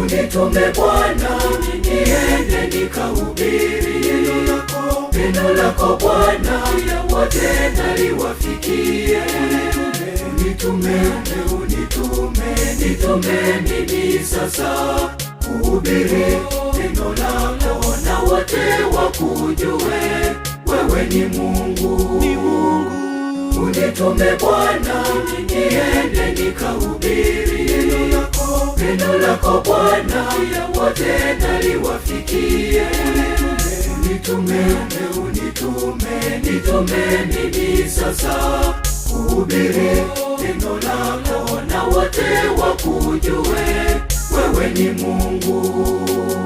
Unitume Bwana, niende nikahubiri neno lako, neno lako Bwana, ya wote wafikie. Unitume, unitume, nitume mimi sasa kuhubiri neno lako na wote wakujue wewe ni Mungu, ni Mungu. Unitume Bwana, niende nikahubiri Neno lako Bwana wote naliwafikie. Unitume, unitume, nitume mimi sasa kuhubiri neno lako na wote wakujue wewe ni Mungu.